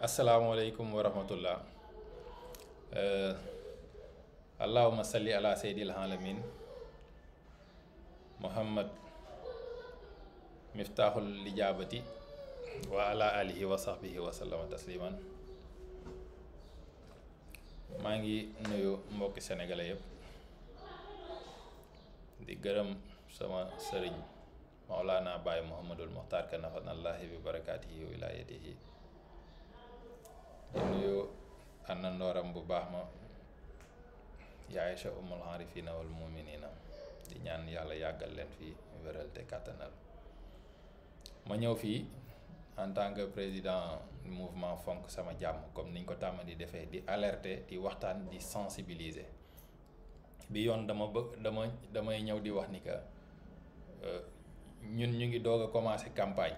asalaamaaleykum wa rahmatullah allahuma salli ala seydil alamin muhammad miftaaxul lijaabati wa ala alihi wa sahbihi wa sallama tasliman maa ngi nuyu mbokki sénégalais yépp di gërëm sama sëriñ maolana baay muhammadul muxtaar ka nafanallaahi bi barakaatihi wa wilaayatihi di nuyu ànnandooram bu baax ma yaaycha umul arifina wal muminina di ñaan yàlla yàggal ya leen fii wéral te katanal ma ñëw fi en tant que président mouvement fonk sama jàmm comme niñ ko di defee di alerter di waxtaan di sensibiliser bi yon dama bëgg dama damay ñëw di wax ni nyun euh, ñun ñu ngi doog a campagne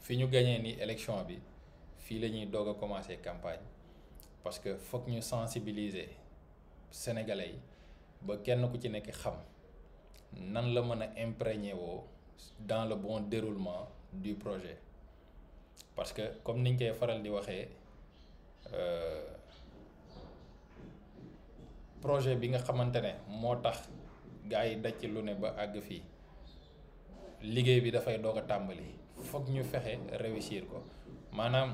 fi ñu gañee ni élection bi fii la ñuy doog a commencé campagne parce que foog ñu sensibiliser sénégalais yi ba kenn ku ci nekk xam nan la mën a imprégner woo dans le bon déroulement du projet parce que comme niñ koy faral di waxee euh, projet bi nga xamante ne moo tax gars yi ci lu ne ba àgg fii liggéey bi dafay doog a tàmbali foog ñu fexe réussir ko maanaam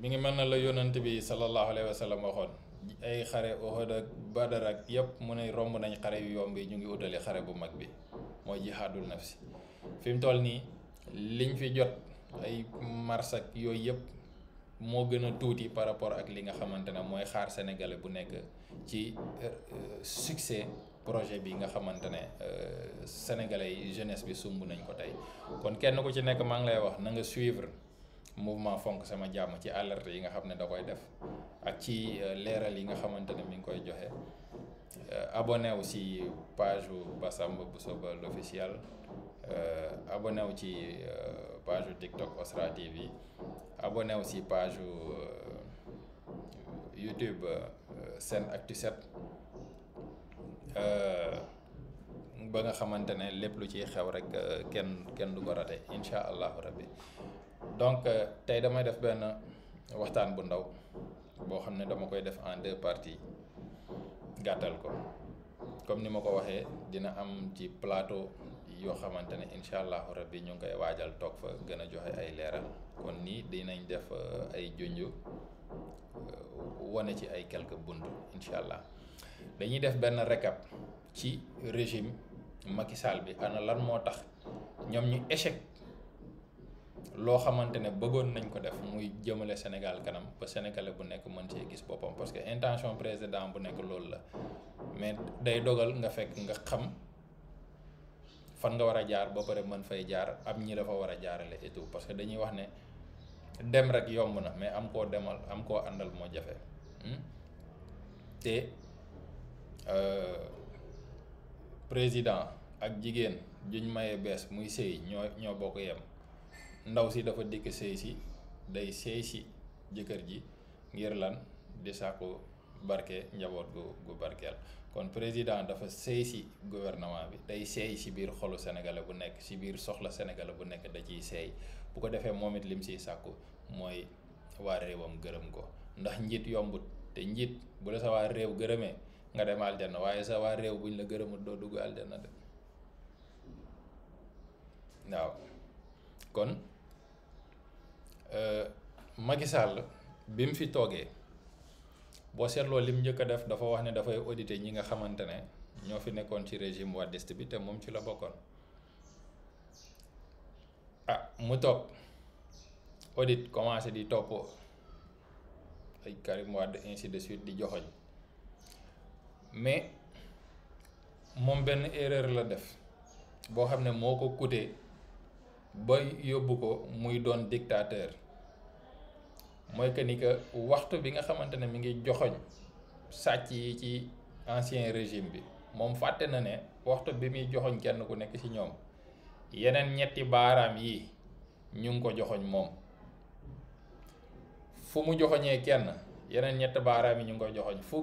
mi ngi man la yonent bi sallallahu alaihi wasallam waxon ay xare Uhud ak Badar ak yep mu ne romb nañ xare yu yomb ñu ngi xare bu mag bi moy jihadul nafsi fim tol toll nii liñ fi jot ay mars ak yoy yep mo gëna tuti tuuti par rapport ak li nga xamantena moy xaar sénégalais bu nekk ci euh, succès projet bi nga xamantene euh sénégalais jeunesse bi sumbu nañ ko tay kon kenn ko ci nekk ma ngi lay wax na nga suivre mouvement fonk sama jamm ci alerte yi nga xamne da koy def ak ci euh, leral yi nga xamantene mi ngi koy joxe euh, abonné wu ci page Basamba Bousso Ba l'officiel euh, abonné wu ci page TikTok Osra TV abonné wu ci page YouTube SENactu 7 ba nga xamantene lepp lu ci xew rek kenn kenn du ko raté inshallah rabbi donc euh, tey damay def benn waxtaan bu ndaw boo xam ne dama koy def en deux parties gàttal ko comme ni ma ko waxee dina am ci plateau yoo xamante ne incha allahu rabbi ñu ngi koy waajal toog fa gën a joxe ay leeral kon nii dinañ def euh, ay junj euh, wane ci ay quelques bunt incha allah dañuy def benn récap ci régime Macky Sall bi ana lan moo tax ñoom ñu échec. loo xamante ne bëggoon nañ ko def muy jëmale Sénégal kanam ba sénégalais bu nekk mën cee gis boppam parce que intention président bu nekk loolu la mais day dogal nga fekk nga xam fan nga war a jaar ba pare mën fay jaar am ñi dafa war a jaarale et parce que dañuy wax ne dem rek yomb na mais am koo demal am koo àndal moo jafe hmm? te euh, président ak jigéen juñ mayee bees muy sëy ñoo ñoo bokk yem. ndaw si dafa dikk sey si day sey si jëkkër ji ngir lan di sàkku barke njaboot gu gu barkeel kon président dafa sey si gouvernement bi day sey si biir xolu sénégalais bu nekk si biir soxla sénégalais bu nekk da ciy sey bu ko defee moom it lim siy sàkku mooy waa réewam gërëm ko ndax njit yombut te njit bu la sa waa réew gërëmee nga dem aljanna waaye sa waa réew buñ la gërëmut doo dugg aljanna de waaw kon Euh, Macky Sall bi mu fi toogee boo seetloo lim njëkk a def dafa wax ne dafay auditer ñi nga xamante ne ñoo fi nekkoon ci régime wadiste bi te moom ci la bokkoon ah mu toog audit commencé di topp ay Karim Wade ainsi de suite di joxoñ mais moom benn erreur la def boo xam ne moo ko coûté ba yóbbu ko muy doon dictateur mooy que ni que waxtu bi nga xamante ne mu ngi joxoñ sàcc yi ci ancien régime bi moom fàtte na ne waxtu bi muy joxoñ kenn ku nekk ci ñoom yeneen ñetti baaraam yi ñu ngi ko joxoñ moom fu mu joxoñee kenn yeneen ñetti baaraam yi ñu ngi ko joxoñ fu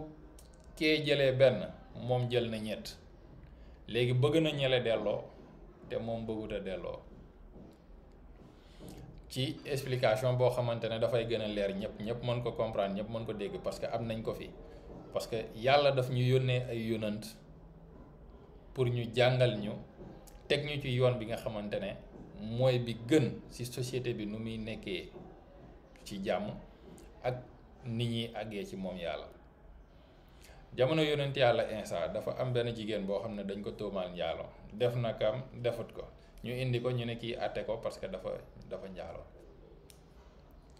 kee jëlee benn moom jël na ñett léegi bëgg na ñele delloo te moom bëggut delloo ci explication boo xamantene ne dafay gën a leer ñëpp ñëpp mën ko comprendre ñëpp mën ko dégg parce que am nañ ko fi parce que yàlla daf ñu yónnee ay yónnant pour ñu jàngal ñu teg ñu ci yoon bi nga xamantene ne mooy bi gën si société bi nu muy nekkee ci jàmm ak nit ñi àggee ci moom yàlla jamono yonent yàlla insa dafa am benn jigéen boo xam ne dañ ko tuumaal njaalo def na kam defut ko ñu indi ko ñu ne kii atte ko parce que dafa dafa njaalo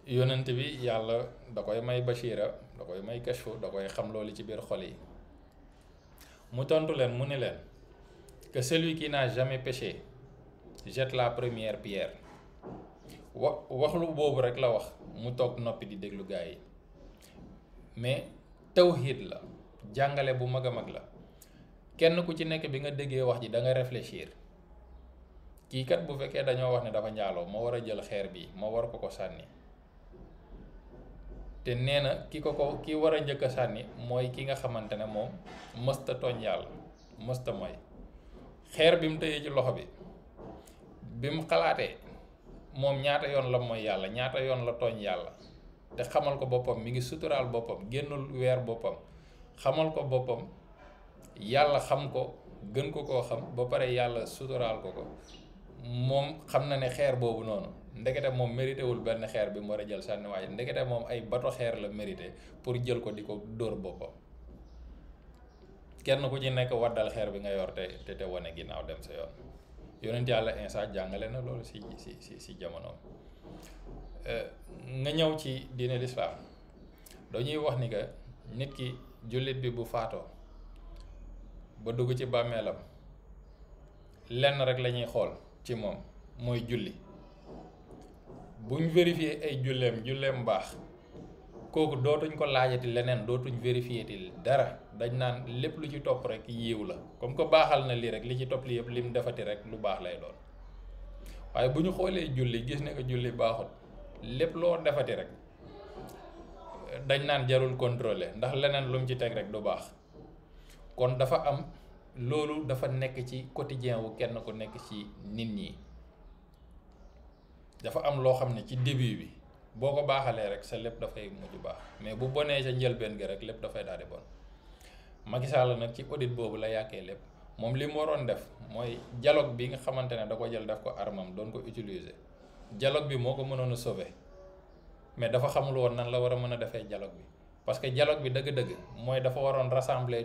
yonent bi yàlla da koy may bashira da koy may kashfu da koy xam loolu ci biir xol yi mu tontu leen mu ne leen que celui qui n'a jamais péché jette la première pierre wa waxlu boobu rek la wax mu toog noppi di déglu gaay yi mais tawhid la jàngale bu mag a mag la kenn ku ci nekk bi nga déggee wax ji da nga réfléchir ki kat bu fekke dañu wax ne dafa njaalo mo wara jël xeer bi mo war ko ko sanni te neena ki ko ko ki wara a sanni moy musta ki nga xamantene mom musta mësta tooñ musta moy mooy xeer bi mu teye ci loxo bi bi mu xalaatee ñaata yoon la moy yalla ñaata yoon la toñ yalla te xamal ko bopam mi ngi sutural bopam gennul weer bopam xamal ko bopam yalla xam ko gën ko ko xam ba pare yalla sutural ko ko moom xam na ne xeer boobu noonu ndekete moom mérité wul benn xeer bi mu war a jël sànni waaye ndekete moom ay bato xeer la mérité pour jël ko di ko dóor boppam kenn ku ci nekk waddal xeer bi nga yor te te te wane ginnaaw dem sa yoon yonent yàlla Iisaa jàngale na loolu si si si si jamonoom eh, nga ñëw ci diine lislaam dañuy wax ni que nit ki jullit bi bu faatoo ba dugg ci bàmmeelam lenn rek lañuy xool ci mom moy julli buñ vérifier ay jullem jullem bax koku dootuñ ko laajati lenen dootuñ vérifier til dara dañ nan lepp lu ci top rek yiw la comme ko baxal na li rek li ci top li yeb lim defati rek lu bax lay doon waye buñu xolé julli gis ne ko julli baaxut lepp lo defati rek dañ nan jarul contrôler ndax lenen lu mu ci tek rek du bax kon dafa am lolu dafa nek ci quotidien wu kenn ku nek ci nit ñi dafa am lo xamne ci début bi boko baxale rek sa da fay muju bax mais bu bonee sa ben gi rek lépp dafay daal di bon Macky Sall nak ci audit bobu la yaké lepp mom li mo waroon def moy dialogue bi nga xamantene da ko jël daf ko armam don ko utiliser dialogue bi moko ko mënoon sauver mais dafa xamul won nan la wara mëna mën dialogue bi parce que dialogue bi deug deug moy dafa waron rassembler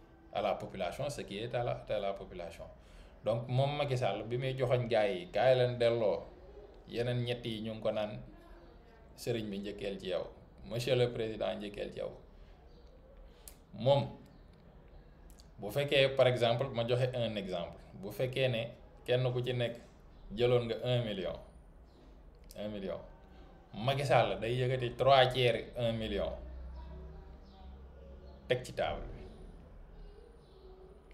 à la population ce qui est la à la population donc moom Macky Sall bi muy joxoñ gars yi gars yi leen delloo yeneen ñett yi ñu ngi ko naan sëriñ bi njëkkeel ci yow mosieur le président njëkkeel ci yow moom bu fekkee par exemple ma joxe un exemple bu fekkee ne kenn ku ci nekk jëloon nga un million un million Macky Sall day yëkkati trois tiers un million teg ci table.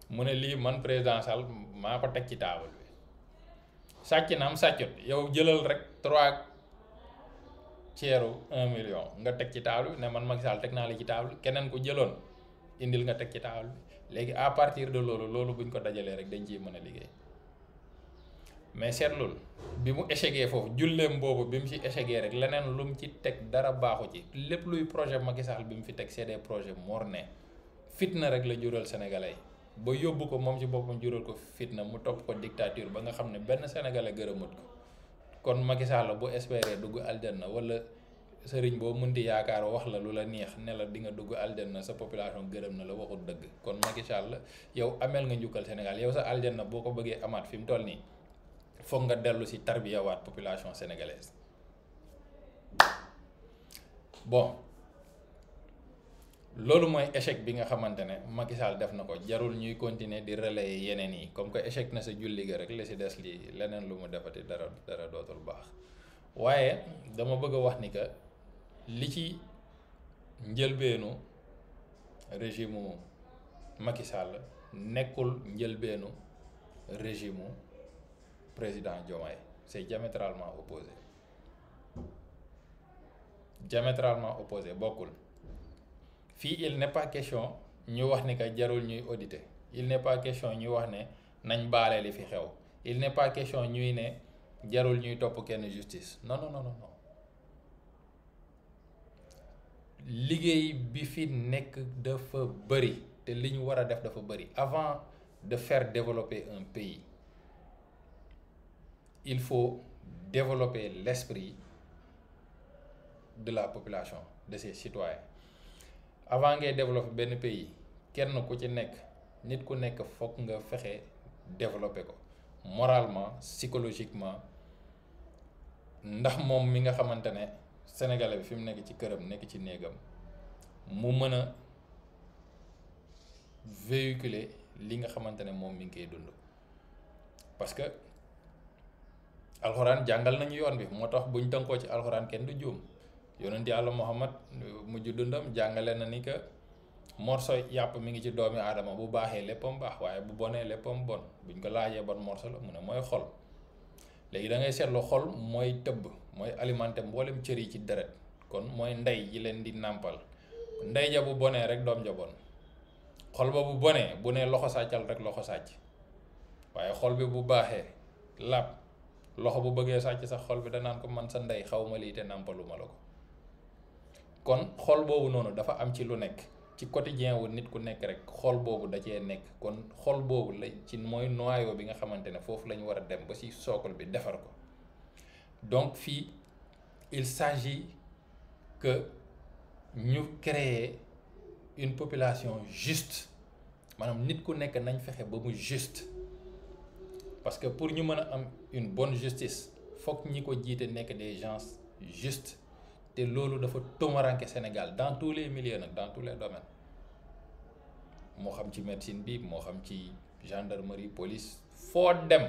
mu ne lii man président Sall maa ko teg ci taabal bi sàcc na am sàccut yow jëlal rek trois ceeru un million nga teg ci taabal bi ne man Macky Sall teg naa la ci taabal keneen ko jëloon indil nga teg ci taabal bi léegi à partir de loolu loolu buñ ko dajalee rek dañ ci mën a liggéey mais seetlul bi mu échecgee foofu julleem boobu bi mu ci échecgee rek leneen lu mu ci teg dara baaxu ci lépp luy projet Macky Sall bi mu fi teg c'est des projets morne fitna rek la jural sénégalais ba yóbbu ko moom ci boppam jural ko fitna mu topp ko dictature ba nga xam ne benn sénégalais gërëmut ko kon Macky Sall bu espéré dugg aljanna wala sëriñ boo munti yaakaar wax la lu la neex ne la di nga dugg aljanna sa population gërëm na la waxut dëgg kon Macky Sall yow amel nga njukkal Sénégal yow sa aljanna boo ko bëggee amaat fi mu toll nii foog nga dellu si tarbiyawaat population sénégalaise bon loolu mooy échec bi nga xamante ne Macky Sall def na jarul ñuy continuer di relayer yeneen yi comme que échec na sa julli ga rek la si des li leneen lu mu defati dara dara dootul baax waaye dama bëgg a wax ni que li ci njëlbeenu régime Macky Sall nekkul njëlbeenu régime président Diomaye c'est diamétralement opposé diamétralement opposé bokkul. fii il n'est pas question ñu wax ne que jarul ñuy auditer il n'est pas question ñu wax ne nañ baale li fi il n'est pas question ñuy ne jarul ñuy topp kenn justice non non non non non liggéey bi fi nekk dafa bëri te li ñu war def dafa bëri avant de faire développer un pays il faut développer l'esprit de la population de ses citoyens avant ngay développer benn pays kenn ku ci nekk nit ku nekk foog nga fexe développer ko moralement psychologiquement ndax moom mi nga xamante ne sénégalais bi fi mu nekk ci këram nekk ci néegam mu mën a véhiculer li nga xamante ne moom mi ngi koy dund parce que alxuraan jàngal nañu yoon bi moo tax buñ tënkoo ci alxuraan kenn du juum. yonent allah muhammad mujj dundam jangale na ni ke morso yap mi ngi ci doomi adama bu baxé leppam bax waye bu boné leppam bon buñ ko laajee bon morso la mu moy xol légui da ngay seetlu xol moy teub moy alimenté mboolem cër ci dérèt kon moy nday ji len di nampal nday ja bu boné rek dom ja bon xol ba bu boné bu né loxo saccal rek loxo sacc waye xol bi bu baxé lap loxo bu bëggé sacc sax xol bi nan ko man sa nday xawma li té te nàmpalu kon xol boobu noonu dafa am ci lu nekk ci quotidien wu nit ku nekk rek xol boobu da cee nekk kon xol boobu la ci mooy noyau bi nga xamante ne foofu la ñu war a dem ba ci sookal bi defar ko donc fii il s'agit que ñu créer une population juste maanaam nit ku nekk nañ fexe ba mu juste parce que pour ñu mën a am une bonne justice fokk ñi ko jiite nekk des gens justes te loolu dafa tomaranke Sénégal dans tous les milieux nag dans tous les domaines moo xam ci médecine bi moo xam ci gendarmerie police foo dem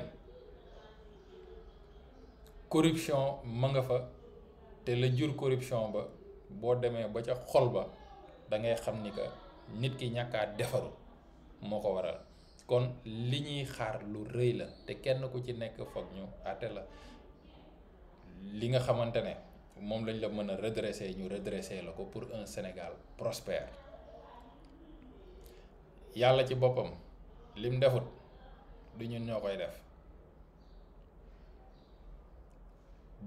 corruption ma nga fa te la jur corruption ba boo demee ba ca xol ba da ngay xam ni que nit ki ñàkkaa defaru moo ko waral kon li ñuy xaar lu rëy la te kenn ku ci nekk foog ñu àtte la li nga xamante ne moom lañu la mën a redresser ñu redresser la ko pour un Sénégal prospère yàlla ci boppam lim defut lu ñun ñoo koy def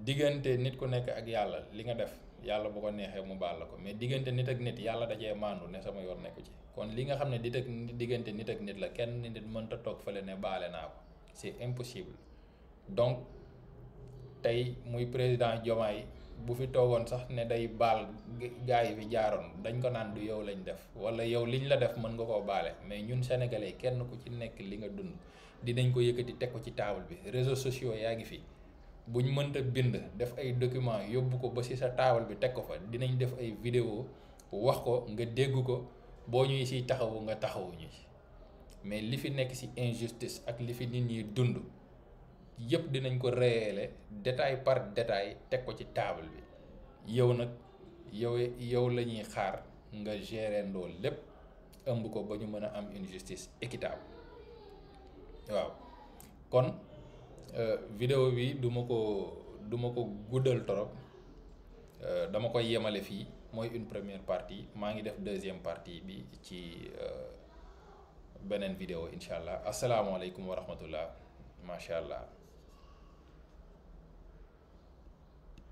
diggante nit ku nekk ak yàlla li nga def yàlla bu ko neexee mu baax la ko mais diggante nit ak nit yàlla da cee ne sama yoon nekku ci kon li nga xam ne nit ak diggante nit ak nit la kenn nit mënta toog fële ne baale naa ko c'est impossible donc tey muy président Diomaye bu fi toogoon sax ne day baal gaay yi fi jaaroon dañ ko naan du yow lañ def wala yow liñ la def mën nga koo baale mais ñun sénégalais kenn ku ci nekk li nga dund dinañ ko yëkkati teg ko ci taabal bi réseaux sociaux yaa ngi fi buñ mënta bind def ay documents yóbbu ko ba si sa taabal bi teg ko fa dinañ def ay vidéo wax ko nga dégg ko boo ñuy siy taxawu nga taxawuñu ñu mais li fi nekk si injustice ak li fi nit ñi dund. yëpp dinañ ko réyeele détail part détail teg ko ci taabal bi yow nag yow yow la ñuy xaar nga gérer loolu lépp ëmb ko ba ñu mën a am une justice waaw kon euh, vidéo bi duma ko duma ma ko guddal torop euh, dama koy yemale fii mooy une première partie maa ngi def deuxième partie bi ci euh, beneen vidéo incha allah asalaamaaleykum wa rahmatullah macha allah